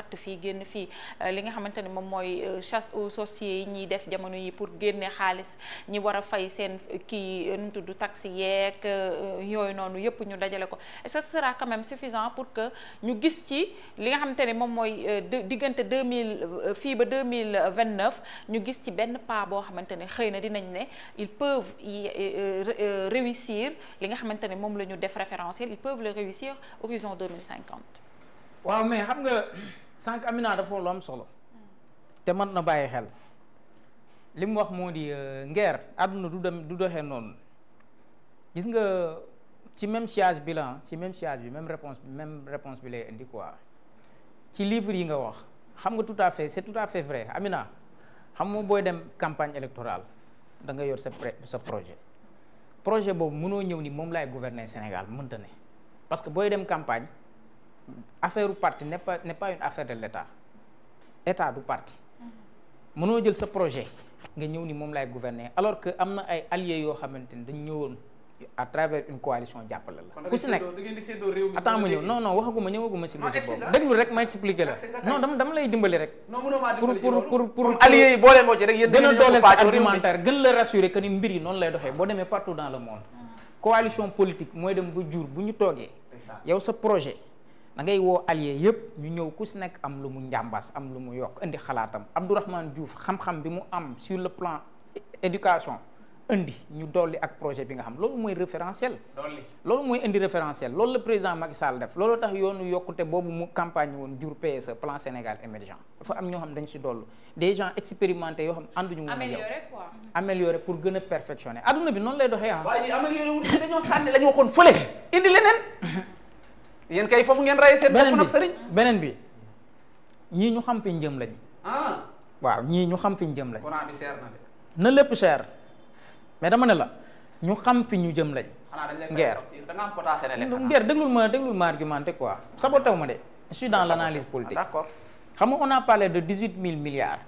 fatt fii génn fii euh, li nga xamante ne moom mooy euh, chasse aux sorciers yi ñuy def jamono yi pour génne xaalis ñi war a fay seen kii euh, nu mu tudd taxi yeeg yooyu noonu yëpp ñu dajale ko est-ce sera quand même suffisant pour que ñu gis ci li nga xamante ne moom mooy diggante deux mille fii ba deux mille vingt neuf ñu gis ci benn pas boo xamante ne xëy na dinañ ne ils peuvent réussir li nga xamante ne moom la ñu def référentiel ils peuvent le réussir horizon deux mille cinquante waaw mais xam nga sànq Amina dafa lu am solo te mën na bàyyi xel li mu wax moo di euh, ngeer àdduna du dem du doxee noonu gis nga ci même charge bi la ci même charge bi même réponse bi même réponse bi lay indi quoi ci livre yi nga wax xam nga tout à fait c'est tout à fait vrai Amina xam nga booy dem campagne électorale da nga yor sa sa projet projet boobu mënoo ñëw nii moom laay gouverner Sénégal mënta ne parce booy dem campagne. affaire u parti n'est pas n'est pas une affaire de l'État État du parti mënoo jël sa projet nga ñëw ni moom laay gouverner alors que am na ay alliés yoo xamante ni dañ ñëwoon à travers une coalition jàppale la ku si nekk attends ma ñëw non non waxaguma ñëwaguma si logique boobu déglu rek ma expliquer la non dama dama lay dimbali rek pour pour pour pour alliés yi boo leen moo ci rek yéen gën a dooleel sa argumentaire ni mbir yi lay doxee boo demee partout dans le monde coalition politique mooy dem ba jur bu ñu toogee yow sa projet da ngay woo allié yépp ñu ñëw ku si nekk am lu mu njàmbaas am lu mu yokk indi xalaatam Abdourahmane Diouf xam-xam bi mu am sur le plan éducation indi ñu dolli ak projet bi nga xam loolu mooy référentiel loolu mooy indi référentiel loolu la président Macky Sall def loolu tax yoonu yokkute boobu mu campagne woon jur PSE plan Sénégal émergent dafa am ñoo xam dañ si dollu des gens expérimentés yoo xam ànduñu mu amélioré quoi amélioré pour gën a perfectionner adduna bi noonu la ah. ñu waxoon yéen kay foofu ngeen rey seen bopp nag sëriñ beneen bi ñii ñu xam fi ñu jëm lañ ah waaw ñii ñu xam fi jëm lañ courant bi cher na de na lépp cher mais dama ne la ñu xam fi ñu jëm lañ ngeer ngeer déglul ma déglul ma argumenté quoi sabotaw ma de je suis dans l'analyse politique ah, d'accord xam nga on a parlé de dix-huit mille milliards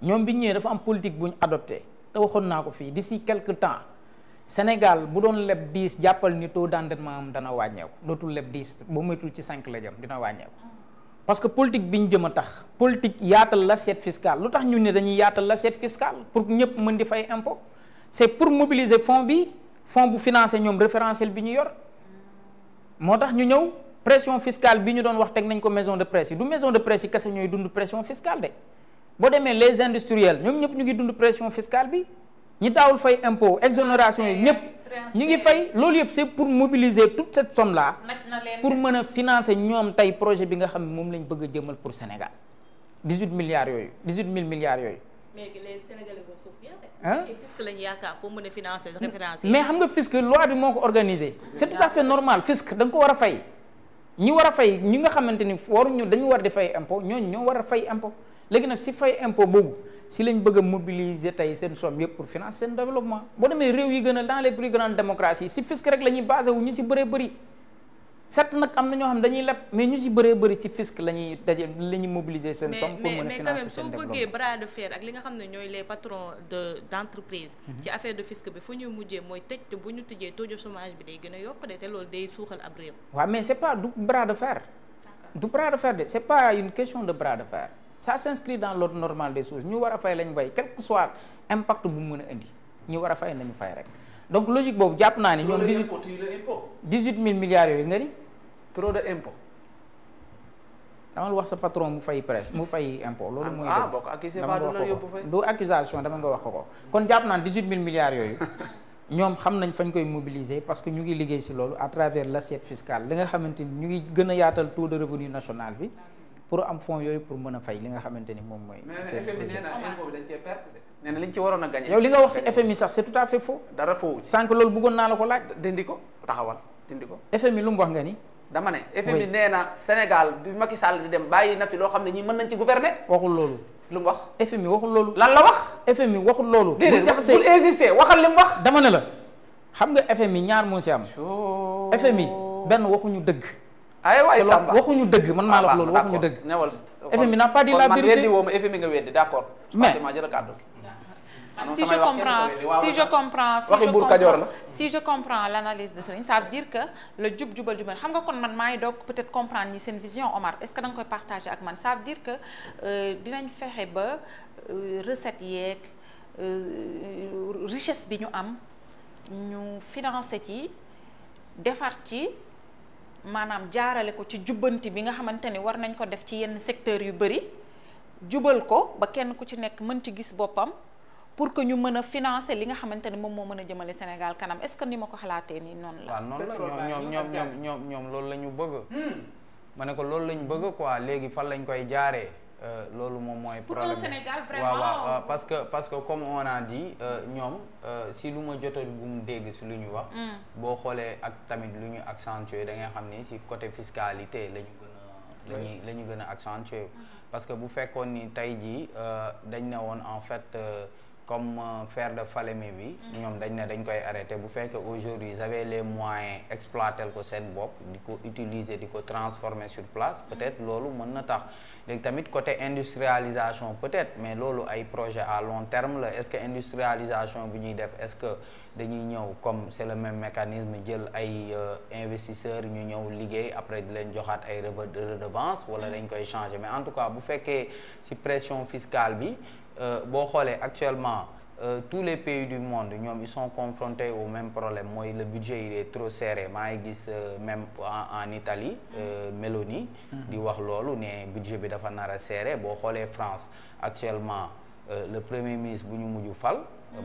ñoom bi ñëwee dafa am politique bu ñu adopté te waxoon naa ko fii d'ici quelque temps Sénégal bu doon leb 10 jàppal ni taux d'endettement am dana wàññeeku dootul leb 10 ba moytul ci cinq la jëm dina wàññeeku parce que politique bi ñu jëm a tax politique yaatal l'assiette fiscale lu tax ñu ne dañuy yaatal l'assiette fiscale pour ñëpp mën di fay impôt c'est pour mobiliser fonds bi fonds bu financé ñoom référentiel bi ñu yor moo tax ñu ñëw pression fiscale bi ñu doon wax teg nañ ko maison de presse yi du maison de presse yi kese ñooy dund pression ñoom ñëpp ñu ngi dund pression fiscale bi ñi daawul fay impôt exonération yi ñëpp ñu ngi fay loolu yëpp c'est pour mobiliser toute cette somme là pour mën a financer ñoom tey projet bi nga xam ne moom lañ bëgg a jëmal pour Sénégal dix huit milliards yooyu dix huit mille milliards yooyu mais xam nga fisc loi bi moo ko organisé c'est tout à fait normal fisc da nga ko war a fay ñi war a fay ñi nga xamante ni waruñu dañu war di fay impôt ñooñu ñoo war a fay impôt léegi nag si fay impôt boobu si lañ bëgg a mobiliser tey seen somme yëpp pour finance seen développement boo demee réew yi gën a dans les plus grandes démocraties si fisc rek la ñuy ñu si bëree bëri certes nag am na ñoo xam dañuy leb mais ñu si bëree bëri si fisc la ñuy daje mobiliser seen somme pour a financer seen développement mais mais quand même soo bëggee bras de fer ak li nga xam ne ñooy les patrons de d' entreprise mhm. ci affaire de fisc bi fu ñuy mujjee mooy tëj bu ñu tëjee taux de chômage bi day gën a yokk de te loolu day suuxal ab réew waaw ça s'inscrit dans l'ordre normal des choses ñu war a fay lañ fay quel que soit impact bu mu mën a indi ñu war a fay nañu fay rek donc logique boobu jàpp naa ni ñoom dix huit mille milliards yooyu nga ni trop de impôt dama la wax sa patron mu fay presse mu fay impôt loolu mooy ah, dëgg ah, du accusation dama nga wax ko kon jàpp naa dix huit mille milliards yooyu ñoom xam nañ fañ koy mobiliser parce que ñu ngi liggéey si loolu à travers l'assiette fiscale li nga xamante ni ñu ngi gën yaatal taux de national bi pour am fonds yooyu pour mën a fay li nga xamante ni moom mooy. seen projet nee na impôt ci waroon a gagné. li nga wax si FMI sax c' est tout à fait sànq loolu bëggoon naa la ko laaj. dindi ko taxawal dindi ko. FMI lu mu wax nga ni. dama ne FMI nee na Sénégal bi Macky Sall di dem bàyyi na fi loo xam ne ñi mën nañ ci gouverner. waxul loolu. lu mu wax FMI waxul loolu. lan la wax. FMI waxul loolu. déedéet bu jaxasee bul exister waxal li mu wax. dama ne la xam nga FMI ñaar moo si am. FMI benn waxuñu dëgg ay waay Samba waxuñu dëgg man maa la wax ah, loolu waxuñu dëgg. newal FMI n'a pas dit la vérité kon man weddi woo ma FMI nga weddi d'accord. mais Fatima jël kàddu ah, si je comprends si je comprends waxi Mbour Kajoor la si je comprends l'analyse de Serigne ça veut dire que le jub jubal jubal xam nga kon man maa ngi doog peut-être comprendre ni seen vision Omar est-ce que da nga koy partager ak man ça veut dire que euh, dinañ fexe ba euh, recette yeeg euh, richesse bi ñu am ñu financer ci defar ci. maanaam jaarale ko ci jubbanti bi nga xamante ni war nañ ko def ci yenn secteur yu bëri jubal ko ba kenn ku ci nekk mën ci gis boppam pour que ñu mën a financer li nga xamante ni moom moo mën a jëmale Sénégal kanam est-ce que ni ma ko xalaatee nii noonu la. noonu la ñoom ñoom ñoom ñoom ñoom la ñu bëgg. Hmm. ma ne ko loolu la ñu bëgg quoi léegi fan lañ koy jaaree. Euh, loolu moom mooy problème Sénégal vraiment waaw euh, waaw parce que parce que comme on a dit euh, ñoom si lu ma jotal gum dégg si lu ñuy wax mm. boo xoolee ak tamit lu ñu accentuer da ngay xam ni si côté fiscalité la ñu gën a lañu la ñu gën a accentuer mm-hmm. parce que bu fekkoon ni tey jii dañ ne woon en fait comme euh, faire de Falémé bi ñoom dañ ne dañ koy arrêté bu fekkee aujourd'hui ils avaient les moyens exploiter ko seen bopp di ko utiliser di ko transformer sur place peut-être loolu mën na tax léegi tamit côté industrialisation peut-être mais loolu ay projet à long terme la est-ce que industrialisation bi ñuy def est-ce que dañuy ñëw comme c'est le même mécanisme jël ay euh, investisseurs ñu ñëw liggéey après di leen joxaat ay redevance wala dañ koy changer mais en tout cas bu fekkee ci pression fiscale bi Euh, boo xoolee actuellement Euh, tous les pays du monde ñoom ils son confrontés au même problème mooy le budget il est trop serré maa ngi gis euh, même en, en Italie euh, mm-hmm. Meloni. Mm-hmm. di wax loolu ne budget bi dafa nar a serré boo xoolee France actuellement Euh, le premier ministre bu ñu mujj fal.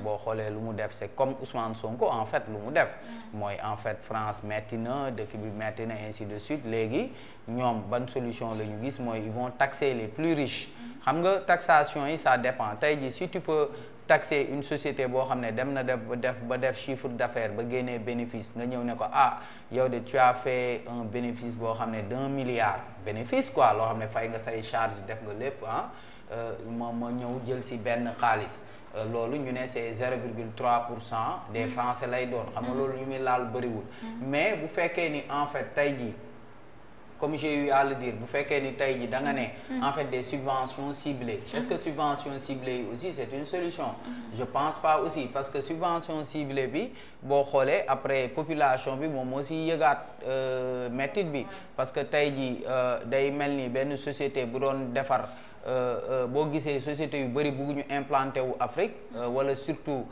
boo xoolee lu mu def c'est comme Ousmane Sonko en fait lu mu def. mooy en fait France metti na dëkk bi metti na ainsi de suite léegi ñoom ban solution la ñu gis mooy ils vont taxer les plus riches. xam nga taxation yi ça dépend tey jii si tu peux une société boo xam ne dem na def ba def ba def chiffre d'affaires ba génnee bénéfice nga ñëw ne ko ah yow de tu as fait un bénéfice boo xam ne d'un milliard bénéfice quoi loo xam ne fay nga say charge def nga lépp ah. Euh, ma ma ñëw jël si benn xaalis euh, loolu ñu ne c'est zéro virgule trois pour cent des mm. français lay doon xam nga mm. loolu ñu muy laal bëriwul mm. mais bu fekkee ni en fait tey jii comme j'ai eu à le dire bu fekkee ni tey jii da nga ne en fait des subventions ciblées est-ce que subvention ciblée yi aussi c'est une solution je pense pas aussi parce que subvention ciblée bi boo xoolee après population bi moom moo si yëgaat euh, métit bi parce que tey jii day mel ni benn société bu doon defar Euh, euh, boo gisee société yu bëri bëgguñu implanté wu Afrique euh, wala surtout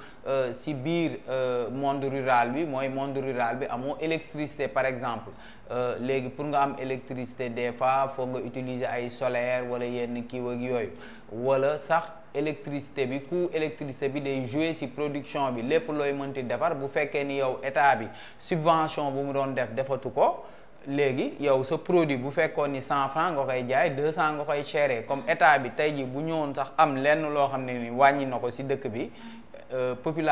si biir monde rural bi mooy monde rural bi amoo électricité par exemple léegi pour nga am électricité des fois foo nga utiliser ay solaire wala yenn kiiw ak yooyu wala sax électricité bi coût électricité bi day jouer ci production bi lépp looy mënti defar bu fekkee ni yow état bi subvention bu mu doon def defatu ko léegi yow sa produit bu fekkoon ni cent franc nga koy jaay deux cent nga koy chéré comme état bi tey ji bu ñëwoon sax am lenn loo xam ne ni wàññi na ko si dëkk bi euh, population